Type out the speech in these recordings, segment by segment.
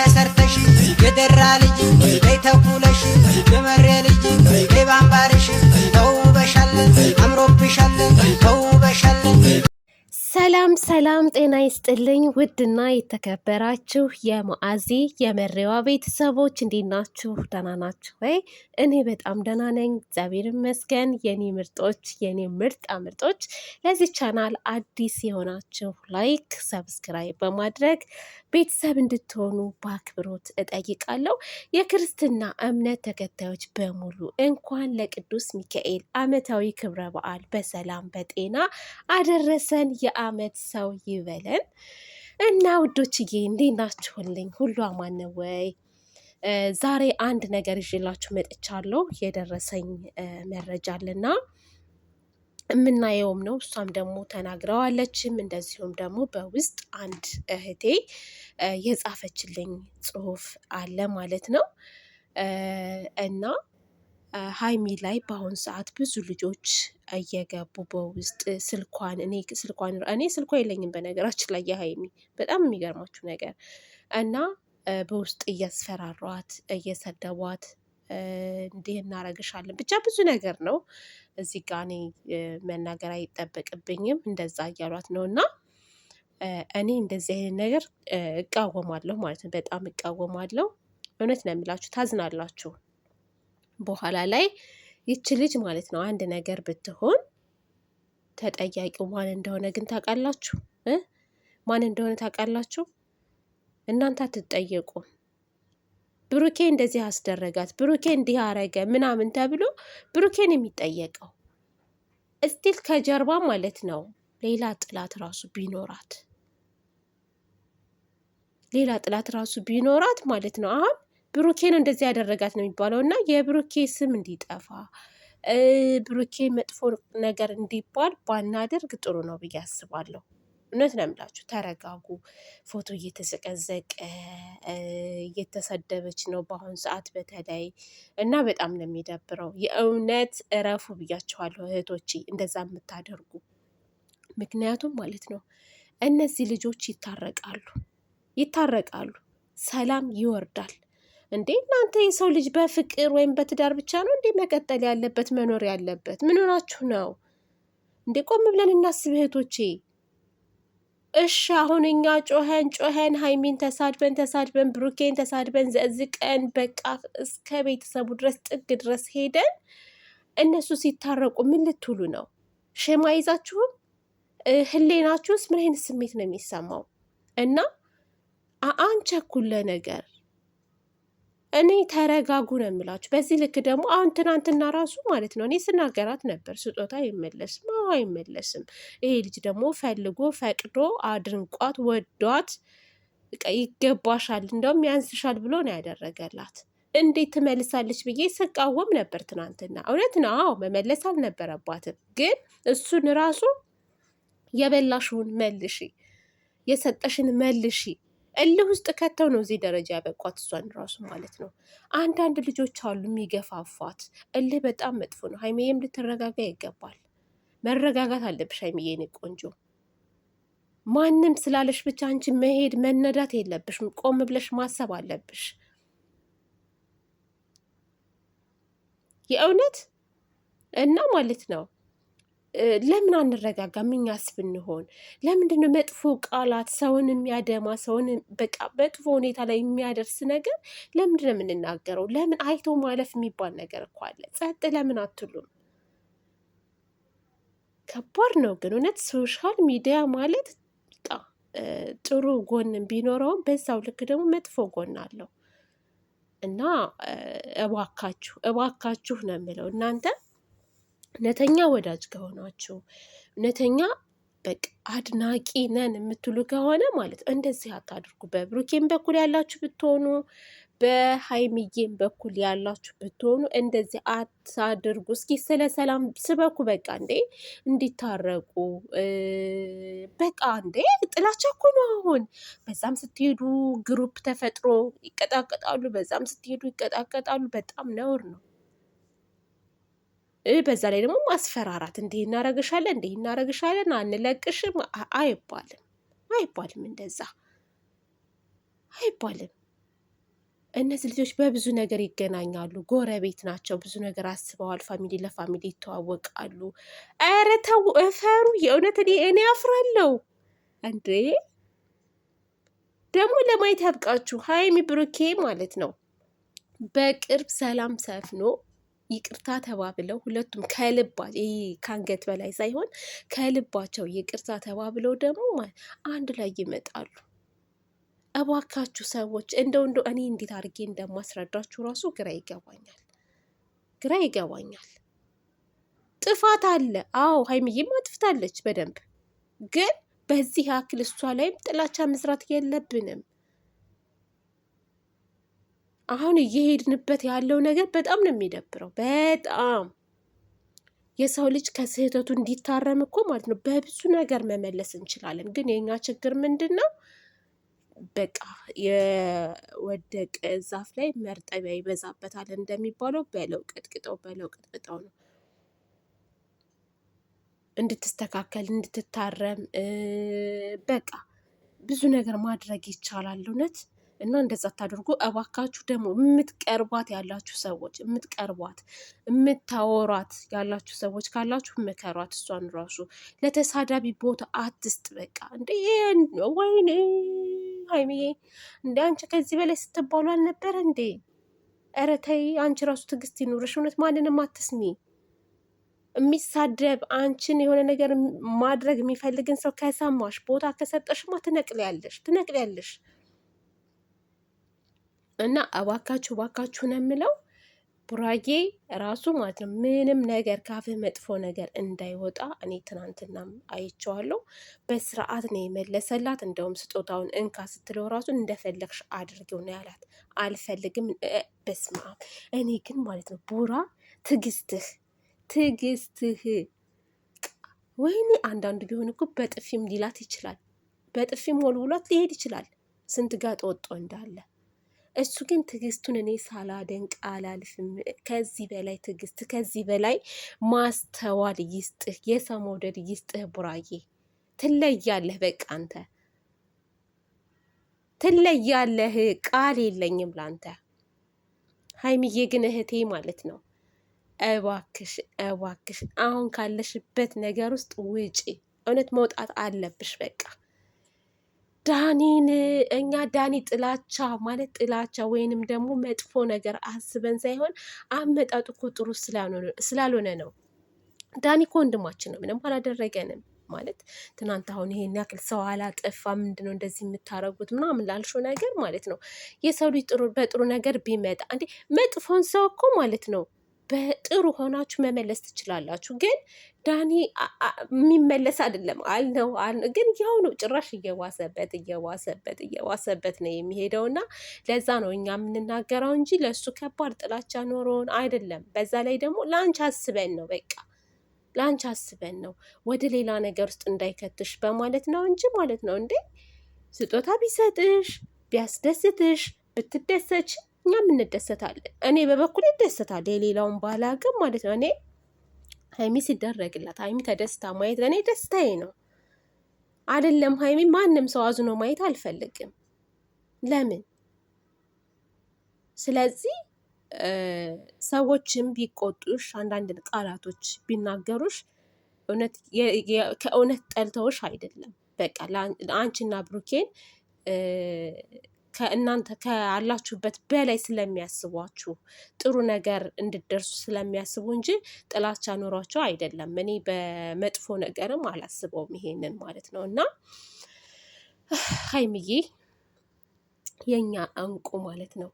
ተሰርተሽ የደራ ልጅ በይ የመሬ ልጅ በይ ሰላም ሰላም፣ ጤና ይስጥልኝ ውድና የተከበራችሁ የማአዚ የመሬዋ ቤተሰቦች እንዴት ናችሁ? ደህና ናችሁ ወይ? እኔ በጣም ደህና ነኝ፣ እግዚአብሔር ይመስገን። የኔ ምርጦች፣ የኔ ምርጣ ምርጦች፣ ለዚህ ቻናል አዲስ የሆናችሁ ላይክ፣ ሰብስክራይብ በማድረግ ቤተሰብ እንድትሆኑ በአክብሮት እጠይቃለሁ። የክርስትና እምነት ተከታዮች በሙሉ እንኳን ለቅዱስ ሚካኤል ዓመታዊ ክብረ በዓል በሰላም በጤና አደረሰን። የዓመት ሰው ይበለን እና ውዶችዬ እንዴት ናችሁልኝ? ሁሉ አማን ወይ? ዛሬ አንድ ነገር ይዤላችሁ መጥቻለሁ። የደረሰኝ መረጃ አለና የምናየውም ነው። እሷም ደግሞ ተናግረዋለችም። እንደዚሁም ደግሞ በውስጥ አንድ እህቴ የጻፈችልኝ ጽሁፍ አለ ማለት ነው እና ሀይሚ ላይ በአሁን ሰዓት ብዙ ልጆች እየገቡ በውስጥ ስልኳን እኔ ስልኳን እኔ ስልኳ የለኝም በነገራችን ላይ የሀይሚ በጣም የሚገርማችሁ ነገር እና በውስጥ እያስፈራሯት እየሰደቧት እንዲህ እናረግሻለን ብቻ ብዙ ነገር ነው። እዚህ ጋ እኔ መናገር አይጠበቅብኝም። እንደዛ እያሏት ነው እና እኔ እንደዚህ አይነት ነገር እቃወማለሁ ማለት ነው። በጣም እቃወማለሁ። እውነት ነው የሚላችሁ ታዝናላችሁ። በኋላ ላይ ይች ልጅ ማለት ነው አንድ ነገር ብትሆን ተጠያቂው ማን እንደሆነ ግን ታውቃላችሁ? ማን እንደሆነ ታውቃላችሁ? እናንተ አትጠየቁም። ብሩኬ እንደዚህ አስደረጋት፣ ብሩኬ እንዲህ አረገ ምናምን ተብሎ ብሩኬን የሚጠየቀው እስቲል ከጀርባ ማለት ነው ሌላ ጥላት ራሱ ቢኖራት ሌላ ጥላት ራሱ ቢኖራት ማለት ነው አሁን ብሩኬን እንደዚህ ያደረጋት ነው የሚባለው እና የብሩኬ ስም እንዲጠፋ ብሩኬ መጥፎ ነገር እንዲባል ባናደርግ ጥሩ ነው ብዬ አስባለሁ። እውነት ነው የምላችሁ። ተረጋጉ። ፎቶ እየተዘቀዘቀ እየተሰደበች ነው በአሁኑ ሰዓት በተለይ እና በጣም ነው የሚደብረው። የእውነት እረፉ ብያችኋለሁ እህቶቼ፣ እንደዛ የምታደርጉ ምክንያቱም ማለት ነው እነዚህ ልጆች ይታረቃሉ፣ ይታረቃሉ፣ ሰላም ይወርዳል። እንዴ እናንተ የሰው ልጅ በፍቅር ወይም በትዳር ብቻ ነው እንዴ መቀጠል ያለበት መኖር ያለበት? ምን ሆናችሁ ነው እንዴ? ቆም ብለን እናስብ እህቶቼ። እሺ አሁን እኛ ጮኸን ጮኸን ሀይሚን ተሳድበን ተሳድበን ብሩኬን ተሳድበን ዘዝቀን በቃ እስከ ቤተሰቡ ድረስ ጥግ ድረስ ሄደን እነሱ ሲታረቁ ምን ልትሉ ነው? ሸማ ይዛችሁም ህሌናችሁስ ምን አይነት ስሜት ነው የሚሰማው? እና አንቸኩለ ነገር? እኔ ተረጋጉ ነው የምላችሁ። በዚህ ልክ ደግሞ አሁን ትናንትና ራሱ ማለት ነው እኔ ስናገራት ነበር፣ ስጦታ አይመለስም፣ አዎ አይመለስም። ይሄ ልጅ ደግሞ ፈልጎ ፈቅዶ አድንቋት ወዷት ይገባሻል፣ እንደውም ያንስሻል ብሎ ነው ያደረገላት። እንዴት ትመልሳለች ብዬ ስቃወም ነበር ትናንትና። እውነት ነው፣ አዎ መመለስ አልነበረባትም። ግን እሱን ራሱ የበላሽውን መልሺ፣ የሰጠሽን መልሺ እልህ ውስጥ ከተው ነው እዚህ ደረጃ ያበቋት እሷን ራሱ ማለት ነው። አንዳንድ ልጆች አሉ የሚገፋፏት። እልህ በጣም መጥፎ ነው። ሀይሚዬም ልትረጋጋ ይገባል። መረጋጋት አለብሽ ሀይሚዬ፣ የኔ ቆንጆ። ማንም ስላለሽ ብቻ አንቺ መሄድ መነዳት የለብሽ። ቆም ብለሽ ማሰብ አለብሽ። የእውነት እና ማለት ነው ለምን አንረጋጋም? እኛስ ብንሆን ለምንድን ነው መጥፎ ቃላት ሰውን የሚያደማ ሰውን በቃ መጥፎ ሁኔታ ላይ የሚያደርስ ነገር ለምንድን ነው የምንናገረው? ለምን አይቶ ማለፍ የሚባል ነገር እኮ አለ። ጸጥ ለምን አትሉም? ከባድ ነው ግን እውነት ሶሻል ሚዲያ ማለት ጥሩ ጎን ቢኖረውም በዛው ልክ ደግሞ መጥፎ ጎን አለው እና እባካችሁ እባካችሁ ነው የምለው እናንተ እውነተኛ ወዳጅ ከሆናችሁ እውነተኛ በቃ አድናቂ ነን የምትሉ ከሆነ ማለት እንደዚህ አታድርጉ። በብሩኬን በኩል ያላችሁ ብትሆኑ፣ በሀይሚዬም በኩል ያላችሁ ብትሆኑ እንደዚህ አታድርጉ። እስኪ ስለ ሰላም ስበኩ። በቃ እንዴ እንዲታረቁ በቃ እንዴ ጥላቻ እኮ ነው አሁን። በዛም ስትሄዱ ግሩፕ ተፈጥሮ ይቀጣቀጣሉ፣ በዛም ስትሄዱ ይቀጣቀጣሉ። በጣም ነውር ነው። በዛ ላይ ደግሞ ማስፈራራት፣ እንዲህ እናረግሻለን፣ እንዲህ እናረግሻለን፣ አንለቅሽም አይባልም አይባልም፣ እንደዛ አይባልም። እነዚህ ልጆች በብዙ ነገር ይገናኛሉ። ጎረቤት ናቸው። ብዙ ነገር አስበዋል። ፋሚሊ ለፋሚሊ ይተዋወቃሉ። ኧረ ተው እፈሩ። የእውነት እኔ እኔ አፍራለሁ እንዴ! ደግሞ ለማየት ያብቃችሁ። ሀይሚ ብሩኬ ማለት ነው በቅርብ ሰላም ሰፍኖ ይቅርታ ተባብለው ሁለቱም ከልባቸው ይህ ከአንገት በላይ ሳይሆን ከልባቸው ይቅርታ ተባብለው ደግሞ አንድ ላይ ይመጣሉ። እባካችሁ ሰዎች እንደው እንደው እኔ እንዴት አድርጌ እንደማስረዳችሁ ራሱ ግራ ይገባኛል፣ ግራ ይገባኛል። ጥፋት አለ። አዎ ሀይሚዬም አጥፍታለች በደንብ ግን በዚህ አክል እሷ ላይም ጥላቻ መስራት የለብንም። አሁን እየሄድንበት ያለው ነገር በጣም ነው የሚደብረው። በጣም የሰው ልጅ ከስህተቱ እንዲታረም እኮ ማለት ነው በብዙ ነገር መመለስ እንችላለን። ግን የኛ ችግር ምንድን ነው? በቃ የወደቀ ዛፍ ላይ መርጠቢያ ይበዛበታል እንደሚባለው በለው ቀጥቅጠው በለው ቀጥቅጠው ነው እንድትስተካከል እንድትታረም በቃ ብዙ ነገር ማድረግ ይቻላል እውነት እና እንደዛ ታደርጉ እባካችሁ። ደግሞ የምትቀርቧት ያላችሁ ሰዎች የምትቀርቧት የምታወሯት ያላችሁ ሰዎች ካላችሁ ምከሯት። እሷን ራሱ ለተሳዳቢ ቦታ አትስጥ። በቃ እንደ ወይኔ ሀይሚዬ እንደ አንቺ ከዚህ በላይ ስትባሉ አልነበረ እንዴ? ኧረ ተይ አንቺ ራሱ ትዕግስት ይኑርሽ። እውነት ማንንም አትስሚ። የሚሳደብ አንቺን የሆነ ነገር ማድረግ የሚፈልግን ሰው ከሰማሽ ቦታ ከሰጠሽማ ትነቅልያለሽ ትነቅልያለሽ። እና እባካችሁ እባካችሁ ነው የምለው ቡራጌ ራሱ ማለት ነው ምንም ነገር ካፍህ መጥፎ ነገር እንዳይወጣ እኔ ትናንትና አይቼዋለሁ። በስርዓት ነው የመለሰላት። እንደውም ስጦታውን እንካ ስትለው ራሱ እንደፈለግሽ አድርጊው ነው ያላት። አልፈልግም። በስመ አብ። እኔ ግን ማለት ነው ቡራ ትግስትህ ትግስትህ ወይኔ አንዳንዱ ቢሆን እኮ በጥፊም ሊላት ይችላል። በጥፊም ወልውሏት ሊሄድ ይችላል። ስንት ጋጥ ወጦ እንዳለ እሱ ግን ትዕግስቱን እኔ ሳላደንቅ አላልፍም። ከዚህ በላይ ትዕግስት፣ ከዚህ በላይ ማስተዋል ይስጥህ፣ የሰው መውደድ ይስጥህ። ቡራዬ ትለያለህ፣ በቃ አንተ ትለያለህ። ቃል የለኝም ላንተ። ሀይሚዬ ግን እህቴ ማለት ነው እባክሽ እባክሽ አሁን ካለሽበት ነገር ውስጥ ውጪ። እውነት መውጣት አለብሽ በቃ። ዳኒን እኛ ዳኒ ጥላቻ ማለት ጥላቻ ወይንም ደግሞ መጥፎ ነገር አስበን ሳይሆን አመጣጡ እኮ ጥሩ ስላልሆነ ነው። ዳኒ እኮ ወንድማችን ነው፣ ምንም አላደረገንም ማለት ትናንት አሁን ይሄን ያክል ሰው አላጠፋ ምንድን ነው እንደዚህ የምታረጉት ምናምን ላልሽው ነገር ማለት ነው። የሰው ልጅ በጥሩ ነገር ቢመጣ እንዴ መጥፎን ሰው እኮ ማለት ነው በጥሩ ሆናችሁ መመለስ ትችላላችሁ። ግን ዳኒ የሚመለስ አይደለም አልነው አል ግን ያው ነው። ጭራሽ እየዋሰበት እየዋሰበት እየዋሰበት ነው የሚሄደው እና ለዛ ነው እኛ የምንናገረው እንጂ ለእሱ ከባድ ጥላቻ ኖሮን አይደለም። በዛ ላይ ደግሞ ለአንቺ አስበን ነው በቃ ለአንቺ አስበን ነው ወደ ሌላ ነገር ውስጥ እንዳይከትሽ በማለት ነው እንጂ ማለት ነው እንዴ ስጦታ ቢሰጥሽ ቢያስደስትሽ ብትደሰች እኛም እንደሰታለን። እኔ በበኩል እደሰታለሁ፣ የሌላውን ባላገም ማለት ነው። እኔ ሀይሚ ሲደረግላት ሀይሚ ተደስታ ማየት ለእኔ ደስታዬ ነው። አይደለም ሀይሚ ማንም ሰው አዝኖ ማየት አልፈልግም። ለምን? ስለዚህ ሰዎችም ቢቆጡሽ አንዳንድ ቃላቶች ቢናገሩሽ ከእውነት ጠልተውሽ አይደለም። በቃ አንቺና ብሩኬን ከእናንተ ካላችሁበት በላይ ስለሚያስቧችሁ ጥሩ ነገር እንድደርሱ ስለሚያስቡ እንጂ ጥላቻ ኖሯቸው አይደለም። እኔ በመጥፎ ነገርም አላስበውም ይሄንን ማለት ነው እና ሀይምዬ የኛ እንቁ ማለት ነው።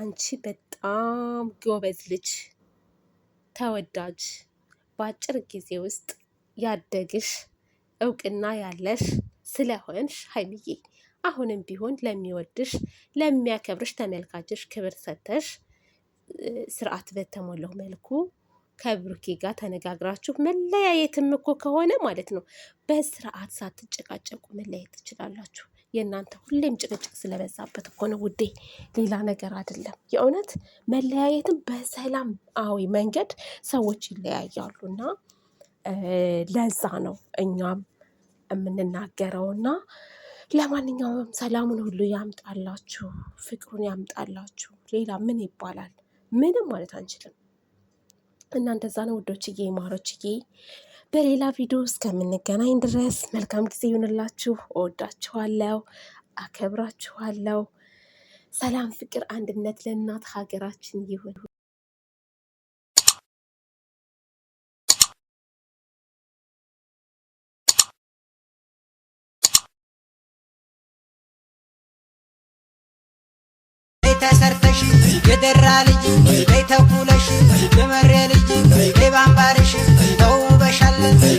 አንቺ በጣም ጎበዝ ልጅ፣ ተወዳጅ፣ በአጭር ጊዜ ውስጥ ያደግሽ እውቅና ያለሽ ስለሆንሽ ሀይምዬ አሁንም ቢሆን ለሚወድሽ ለሚያከብርሽ ተመልካችሽ ክብር ሰተሽ ስርዓት በተሞላው መልኩ ከብሩኬ ጋር ተነጋግራችሁ መለያየትም እኮ ከሆነ ማለት ነው በስርዓት ሳትጨቃጨቁ መለያየት ትችላላችሁ። የእናንተ ሁሌም ጭቅጭቅ ስለበዛበት እኮ ነው ውዴ፣ ሌላ ነገር አይደለም። የእውነት መለያየትም በሰላም አዊ መንገድ ሰዎች ይለያያሉ እና ለዛ ነው እኛም የምንናገረውና ለማንኛውም ሰላሙን ሁሉ ያምጣላችሁ፣ ፍቅሩን ያምጣላችሁ። ሌላ ምን ይባላል? ምንም ማለት አንችልም። እና እንደዛ ነው ውዶችዬ፣ ማሮችዬ በሌላ ቪዲዮ እስከምንገናኝ ድረስ መልካም ጊዜ ይሁንላችሁ። እወዳችኋለሁ፣ አከብራችኋለሁ። ሰላም፣ ፍቅር፣ አንድነት ለእናት ሀገራችን ይሁን። ተሰርተሽ የደራ ልጅ በይ የመሬ ልጅ በይ ባምባርሽ ተውበሻለን